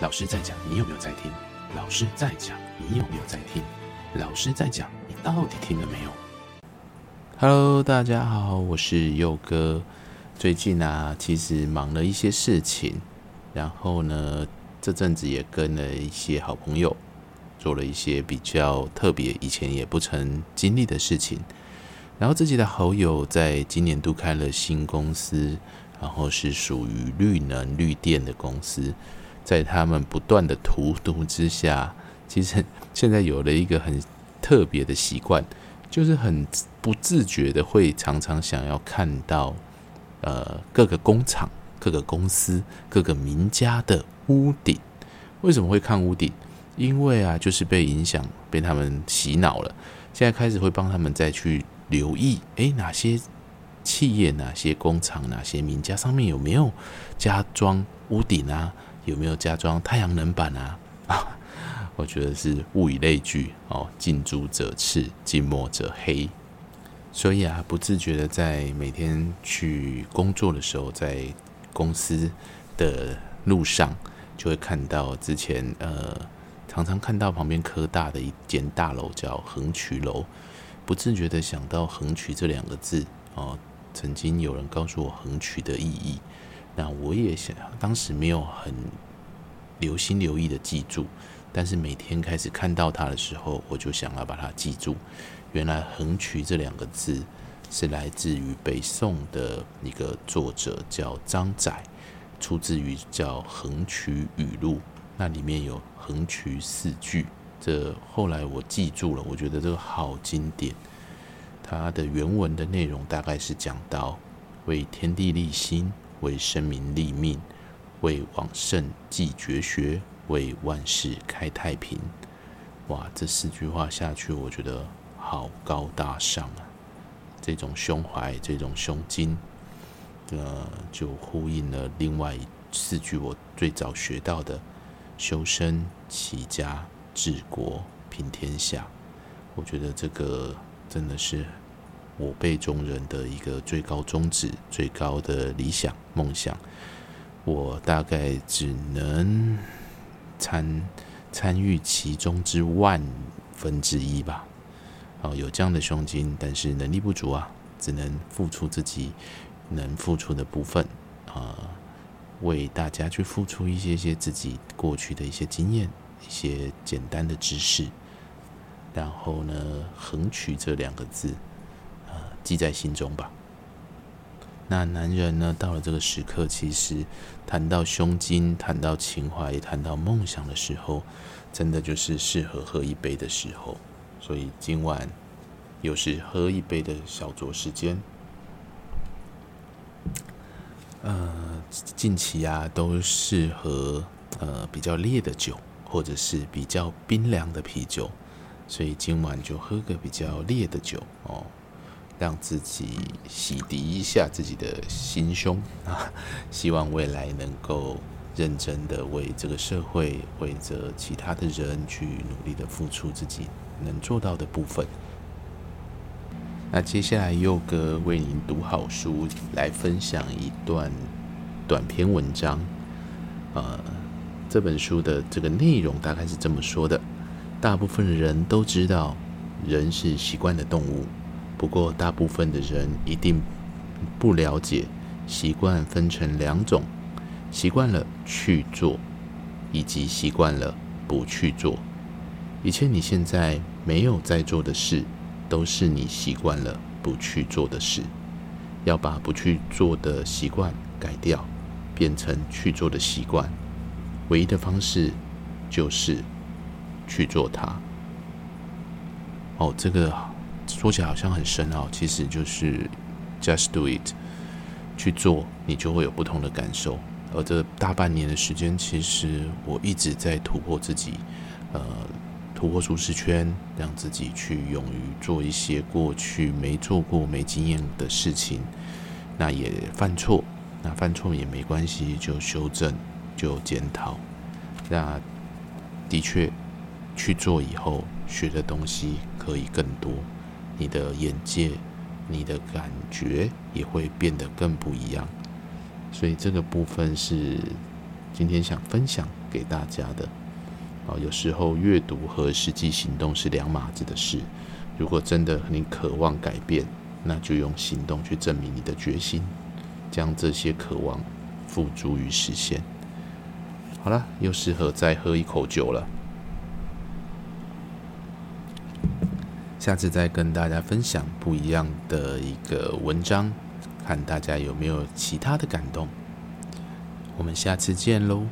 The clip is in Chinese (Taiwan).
老師在講，你有沒有在聽？老師在講，你有沒有在聽？老師在講，你到底聽了沒有？Hello，大家好，我是佑哥。最近呢、啊，其實忙了一些事情，然後呢，這陣子也跟了一些好朋友，做了一些比較特別、以前也不曾經歷的事情。然後自己的好友在今年度開了新公司，然後是屬於綠能綠電的公司。在他們不斷的荼毒之下，其實現在有了一個很特別的習慣，就是很不自覺的會常常想要看到呃各個工廠、各個公司、各個民家的屋頂。為什麼會看屋頂？因為啊，就是被影響，被他們洗腦了。現在開始會幫他們再去留意，誒、欸，哪些企業、哪些工廠、哪些民家上面有沒有加裝屋頂啊？有沒有加裝太陽能板啊？ 我覺得是物以類聚哦，近朱者赤，近墨者黑。所以啊，不自覺的在每天去工作的時候，在公司的路上，就會看到之前呃，常常看到旁邊科大的一間大樓叫橫渠樓，不自覺的想到“橫渠”這兩個字哦。曾經有人告訴我“橫渠”的意義。那我也想，當時沒有很留心留意的記住，但是每天開始看到它的時候，我就想要把它記住。原來“橫渠”這兩個字是來自於北宋的一個作者叫張載，出自於叫《橫渠語錄》，那裡面有“橫渠四句”。這後來我記住了，我覺得這個好經典。它的原文的內容大概是講到為天地立心。為生民立命，為往聖繼絕學，為萬世開太平。哇，這四句話下去，我覺得好高大上啊！這種胸懷，這種胸襟，呃，就呼應了另外四句我最早學到的：修身、齊家、治國、平天下。我覺得這個真的是。我輩中人的一個最高宗旨、最高的理想、夢想，我大概只能參參與其中之萬分之一吧。哦，有這樣的胸襟，但是能力不足啊，只能付出自己能付出的部分啊、呃，為大家去付出一些些自己過去的一些經驗、一些簡單的知識。然後呢，橫渠這兩個字。記在心中吧。那男人呢？到了這個時刻，其實談到胸襟、談到情懷、也談到夢想的時候，真的就是適合喝一杯的時候。所以今晚又是喝一杯的小酌時間。呃，近期啊，都適合呃比較烈的酒，或者是比較冰涼的啤酒。所以今晚就喝個比較烈的酒哦。讓自己洗滌一下自己的心胸啊！希望未來能夠認真的為這個社會或者其他的人去努力的付出自己能做到的部分。那接下來佑哥為您讀好書來分享一段短篇文章。呃，這本書的這個內容大概是這麼說的：大部分人都知道，人是習慣的動物。不過，大部分的人一定不了解，習慣分成兩種：習慣了去做，以及習慣了不去做。一切你現在沒有在做的事，都是你習慣了不去做的事。要把不去做的習慣改掉，變成去做的習慣，唯一的方式就是去做它。哦，這個。說起來好像很深奧，其實就是 just do it，去做，你就會有不同的感受。而這大半年的時間，其實我一直在突破自己，呃，突破舒適圈，讓自己去勇於做一些過去沒做過、沒經驗的事情。那也犯錯，那犯錯也沒關係，就修正，就檢討。那的確去做以後，學的東西可以更多。你的眼界，你的感覺也會變得更不一樣。所以這個部分是今天想分享給大家的。啊，有時候閱讀和實際行動是兩碼子的事。如果真的你渴望改變，那就用行動去證明你的決心，將這些渴望付諸於實現。好了，又適合再喝一口酒了。下次再跟大家分享不一樣的一個文章，看大家有沒有其他的感動。我們下次見嘍。